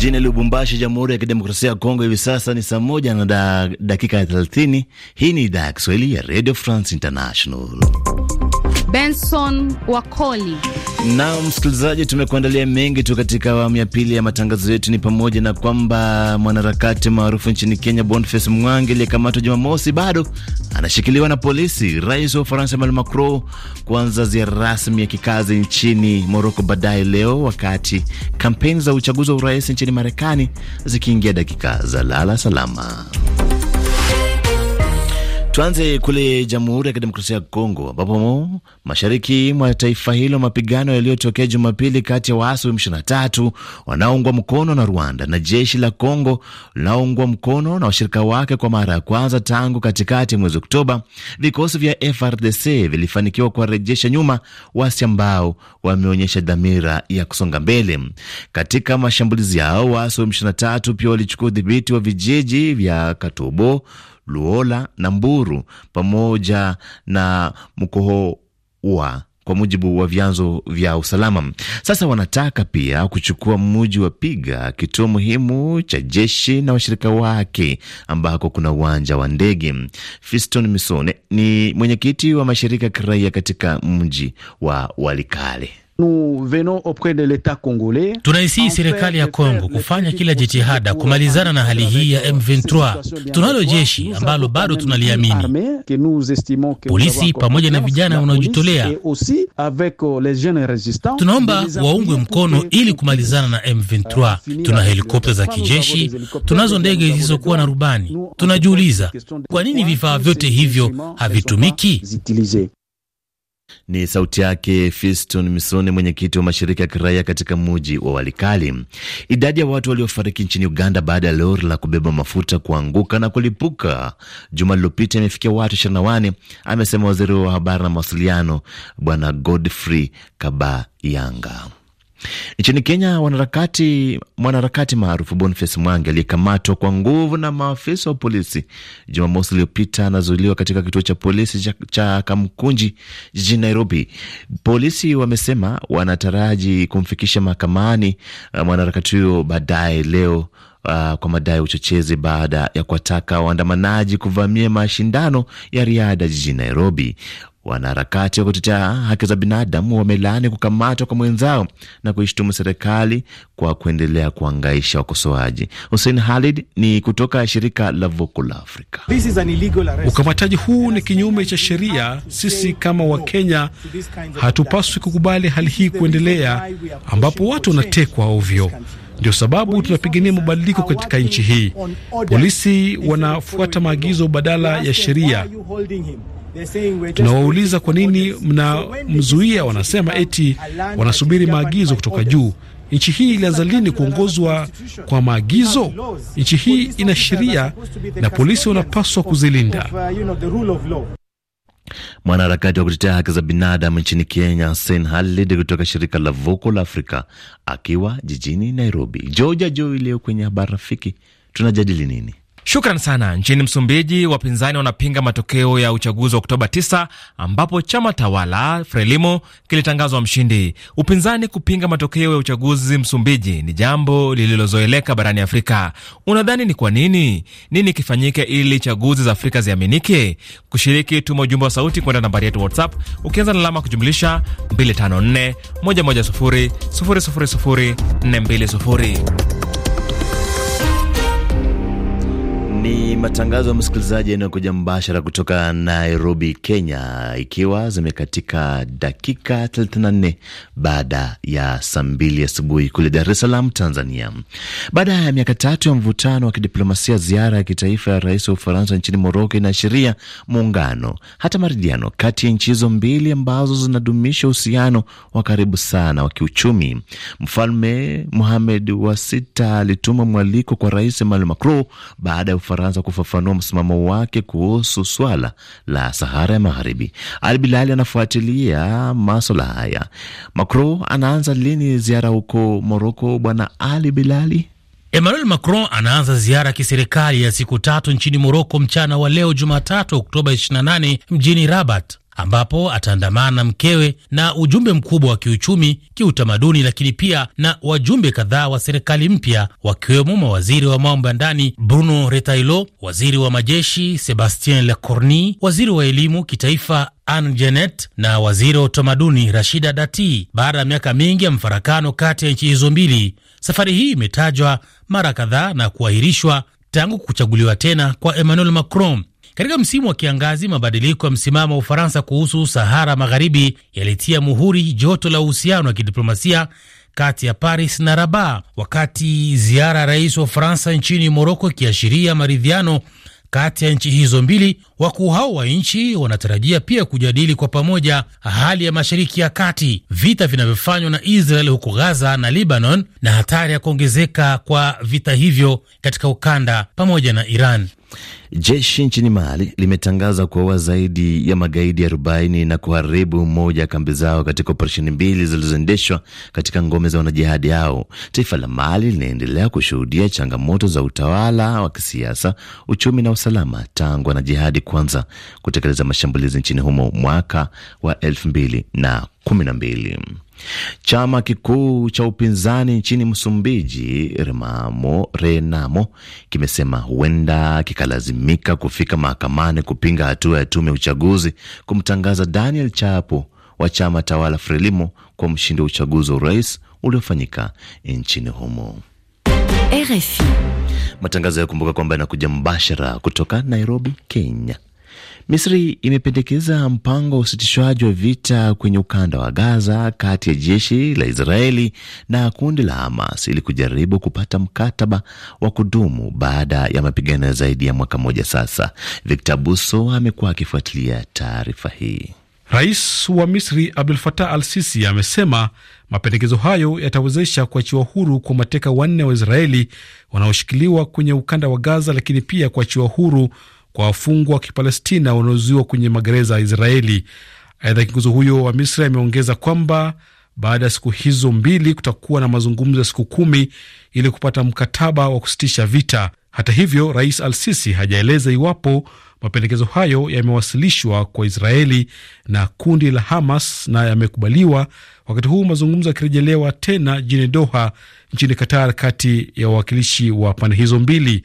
Jijini Lubumbashi, Jamhuri ya Kidemokrasia ya Kongo, hivi sasa ni saa moja na dakika 30. Hii ni idhaa ya Kiswahili ya Radio France International. Benson Wakoli. Na msikilizaji, tumekuandalia mengi tu katika awamu ya pili ya matangazo yetu, ni pamoja na kwamba mwanaharakati maarufu nchini Kenya Boniface Mwangi aliyekamatwa Jumamosi bado anashikiliwa na polisi. Rais wa Ufaransa Emmanuel Macron kuanza ziara rasmi ya kikazi nchini Moroko baadaye leo, wakati kampeni za uchaguzi wa urais nchini Marekani zikiingia dakika za lala salama. Tuanze kule Jamhuri ya Kidemokrasia ya Kongo, ambapo mashariki mwa taifa hilo mapigano yaliyotokea Jumapili kati ya waasi wa M23 wanaoungwa mkono na Rwanda na jeshi la Kongo linaoungwa mkono na washirika wake kwa mara ya kwanza tangu katikati ya mwezi Oktoba, vikosi vya FRDC vilifanikiwa kuwarejesha nyuma waasi ambao wameonyesha dhamira ya kusonga mbele. Katika mashambulizi yao, waasi wa M23 pia walichukua udhibiti wa vijiji vya Katobo, Luola na Mburu pamoja na Mkohoa kwa mujibu wa vyanzo vya usalama. Sasa wanataka pia kuchukua mji wa Piga, kituo muhimu cha jeshi na washirika wake, ambako kuna uwanja wa ndege. Fiston Misone ni mwenyekiti wa mashirika ya kiraia katika mji wa Walikale. Tunaisihi serikali ya Kongo kufanya kila jitihada kumalizana na hali hii ya M23. Tunalo jeshi ambalo bado tunaliamini, polisi pamoja na vijana wanaojitolea. Euh, Tunaomba waungwe mkono ili kumalizana na M23. Euh, Tuna helikopta za kijeshi, tunazo ndege zilizokuwa na rubani. Tunajiuliza kwa nini vifaa vyote hivyo havitumiki. Ni sauti yake Fiston Misone, mwenyekiti wa mashirika ya kiraia katika muji wa Walikali. Idadi ya watu waliofariki nchini Uganda baada ya lori la kubeba mafuta kuanguka na kulipuka juma lilopita imefikia watu 21 na amesema waziri wa habari na mawasiliano Bwana Godfrey Kabayanga. Nchini Kenya, mwanaharakati maarufu Boniface Mwangi aliyekamatwa kwa nguvu na maafisa wa polisi Jumamosi iliyopita anazuiliwa katika kituo cha polisi cha, cha Kamkunji jijini Nairobi. Polisi wamesema wanataraji kumfikisha mahakamani uh, mwanaharakati huyo baadaye leo. Uh, kwa madai ya uchochezi baada ya kuwataka waandamanaji kuvamia mashindano ya riadha jijini Nairobi. Wanaharakati wa kutetea haki za binadamu wamelaani kukamatwa kwa mwenzao na kuishtumu serikali kwa kuendelea kuangaisha wakosoaji. Hussein Khalid ni kutoka shirika la Voko la Afrika. Ukamataji huu ni kinyume cha sheria. Sisi kama Wakenya hatupaswi kukubali hali hii kuendelea, ambapo watu wanatekwa ovyo. Ndio sababu tunapigania mabadiliko katika nchi hii. Polisi wanafuata maagizo badala ya sheria. Tunawauliza kwa nini mnamzuia, wanasema eti wanasubiri maagizo kutoka juu. Nchi hii ilianza lini kuongozwa kwa maagizo? Nchi hii ina sheria na polisi wanapaswa kuzilinda. Uh, Mwanaharakati wa kutetea haki za binadamu nchini Kenya, Hussein Halid kutoka shirika la Vocal Africa akiwa jijini Nairobi. Georgia Jo iliyo kwenye habari rafiki tunajadili nini? Shukran sana. Nchini Msumbiji, wapinzani wanapinga matokeo ya uchaguzi wa Oktoba 9 ambapo chama tawala Frelimo kilitangazwa mshindi. Upinzani kupinga matokeo ya uchaguzi Msumbiji ni jambo lililozoeleka barani Afrika. Unadhani ni kwa nini? Nini kifanyike ili chaguzi za Afrika ziaminike? Kushiriki, tuma ujumbe wa sauti kwenda nambari yetu WhatsApp ukianza na alama kujumlisha 254 110 000 420. Ni matangazo ya msikilizaji yanayokuja mbashara kutoka Nairobi, Kenya, ikiwa zimekatika dakika 34 baada ya saa mbili asubuhi kule Dar es Salaam, Tanzania. Baada ya miaka tatu ya mvutano wa kidiplomasia, ziara ya kitaifa ya rais wa Ufaransa nchini Moroko inaashiria muungano hata maridhiano kati ya nchi hizo mbili ambazo zinadumisha uhusiano wa karibu sana wa kiuchumi. Mfalme muhamed wa Sita alituma mwaliko kwa Rais Emmanuel Macron baada ya Ufaransa kufafanua msimamo wake kuhusu swala la Sahara ya Magharibi. Ali Bilali anafuatilia maswala haya. Macron anaanza lini ziara huko Moroko, Bwana Ali Bilali? Emmanuel Macron anaanza ziara ya kiserikali ya siku tatu nchini Moroko mchana wa leo Jumatatu, Oktoba 28 mjini Rabat ambapo ataandamana na mkewe na ujumbe mkubwa wa kiuchumi, kiutamaduni, lakini pia na wajumbe kadhaa wa serikali mpya wakiwemo mawaziri wa mambo ya ndani Bruno Retailo, waziri wa majeshi Sebastien Lecornu, waziri wa elimu kitaifa Anne Genet na waziri wa utamaduni Rashida Dati. Baada ya miaka mingi ya mfarakano kati ya nchi hizo mbili, safari hii imetajwa mara kadhaa na kuahirishwa tangu kuchaguliwa tena kwa Emmanuel Macron. Katika msimu wa kiangazi, mabadiliko ya msimamo wa Ufaransa kuhusu Sahara Magharibi yalitia muhuri joto la uhusiano wa kidiplomasia kati ya Paris na Rabat, wakati ziara ya rais wa Ufaransa nchini Moroko ikiashiria maridhiano kati ya nchi hizo mbili. Wakuu hao wa nchi wanatarajia pia kujadili kwa pamoja hali ya Mashariki ya Kati, vita vinavyofanywa na Israel huko Gaza na Lebanon, na hatari ya kuongezeka kwa vita hivyo katika ukanda pamoja na Iran. Jeshi nchini Mali limetangaza kuwaua zaidi ya magaidi 40 na kuharibu moja ya kambi zao katika operesheni mbili zilizoendeshwa katika ngome za wanajihadi hao. Taifa la Mali linaendelea kushuhudia changamoto za utawala wa kisiasa, uchumi na usalama tangu wanajihadi kwanza kutekeleza mashambulizi nchini humo mwaka wa elfu mbili na 12. Chama kikuu cha upinzani nchini Msumbiji Renamo, Renamo kimesema huenda kikalazimika kufika mahakamani kupinga hatua ya tume ya uchaguzi kumtangaza Daniel Chapo wa chama tawala Frelimo kwa mshindi wa uchaguzi wa urais uliofanyika nchini humo. RFI. Matangazo ya kumbuka kwamba yanakuja mbashara kutoka Nairobi, Kenya. Misri imependekeza mpango wa usitishwaji wa vita kwenye ukanda wa Gaza kati ya jeshi la Israeli na kundi la Hamas ili kujaribu kupata mkataba wa kudumu baada ya mapigano ya zaidi ya mwaka mmoja sasa. Victor Buso amekuwa akifuatilia taarifa hii. Rais wa Misri Abdul Fatah Al Sisi amesema mapendekezo hayo yatawezesha kuachiwa huru kwa mateka wanne wa Israeli wanaoshikiliwa kwenye ukanda wa Gaza, lakini pia kuachiwa huru kwa wafungwa wa Kipalestina wanaozuiwa kwenye magereza ya Israeli. Aidha, kiongozi huyo wa Misri ameongeza kwamba baada ya siku hizo mbili kutakuwa na mazungumzo ya siku kumi ili kupata mkataba wa kusitisha vita. Hata hivyo, Rais Al Sisi hajaeleza iwapo mapendekezo hayo yamewasilishwa kwa Israeli na kundi la Hamas na yamekubaliwa, wakati huu mazungumzo yakirejelewa tena jijini Doha nchini Qatar, kati ya wawakilishi wa pande hizo mbili.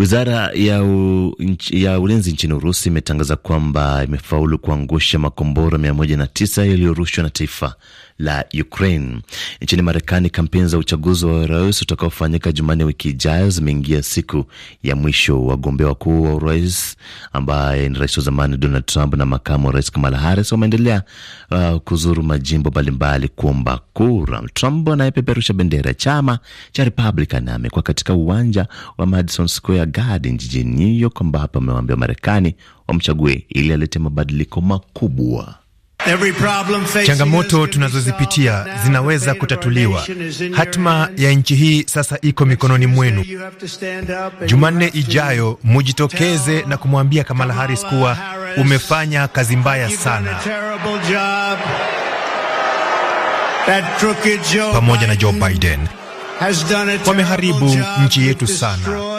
Wizara ya, u, ya ulinzi nchini Urusi imetangaza kwamba imefaulu kuangusha makombora 109 yaliyorushwa na taifa la Ukraine. Nchini Marekani, kampeni za uchaguzi wa urais utakaofanyika Jumanne wiki ijayo zimeingia siku ya mwisho. Wagombea wakuu wa urais ambaye ni rais wa zamani Donald Trump na makamu wa rais Kamala Harris wameendelea uh, kuzuru majimbo mbalimbali kuomba kura. Trump anayepeperusha bendera ya chama cha Republican amekuwa katika uwanja wa Madison Square Garden jijini New York, ambapo amewaambia Marekani wamchague ili alete mabadiliko makubwa. Changamoto tunazozipitia zinaweza kutatuliwa. Hatima ya nchi hii sasa iko mikononi mwenu. Jumanne ijayo mujitokeze na kumwambia Kamala Harris kuwa umefanya kazi mbaya sana, pamoja na Joe Biden wameharibu nchi yetu sana,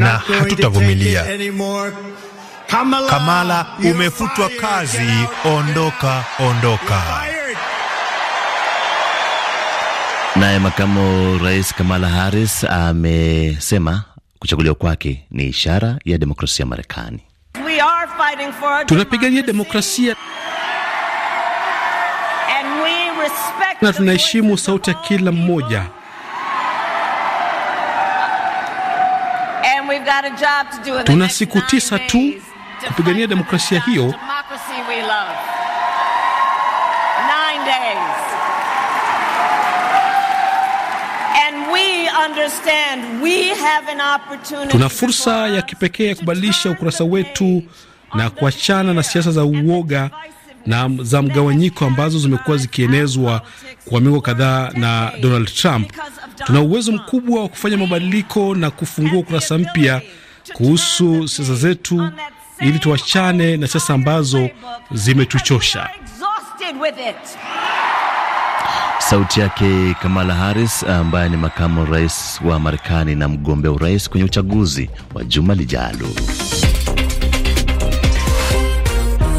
na hatutavumilia Kamala, umefutwa kazi, ondoka, ondoka. Naye makamu rais Kamala Harris amesema kuchaguliwa kwake ni ishara ya demokrasia Marekani. Tunapigania demokrasia na tunaheshimu sauti ya kila mmoja. Tuna siku tisa tu kupigania demokrasia hiyo tuna fursa ya kipekee ya kubadilisha ukurasa wetu na kuachana na siasa za uoga na za mgawanyiko ambazo zimekuwa zikienezwa kwa miongo kadhaa na Donald Trump. Tuna uwezo mkubwa wa kufanya mabadiliko na kufungua ukurasa mpya kuhusu siasa zetu ili tuachane na siasa ambazo zimetuchosha. Sauti yake Kamala Harris ambaye ni makamu rais wa Marekani na mgombea urais kwenye uchaguzi wa juma lijalo.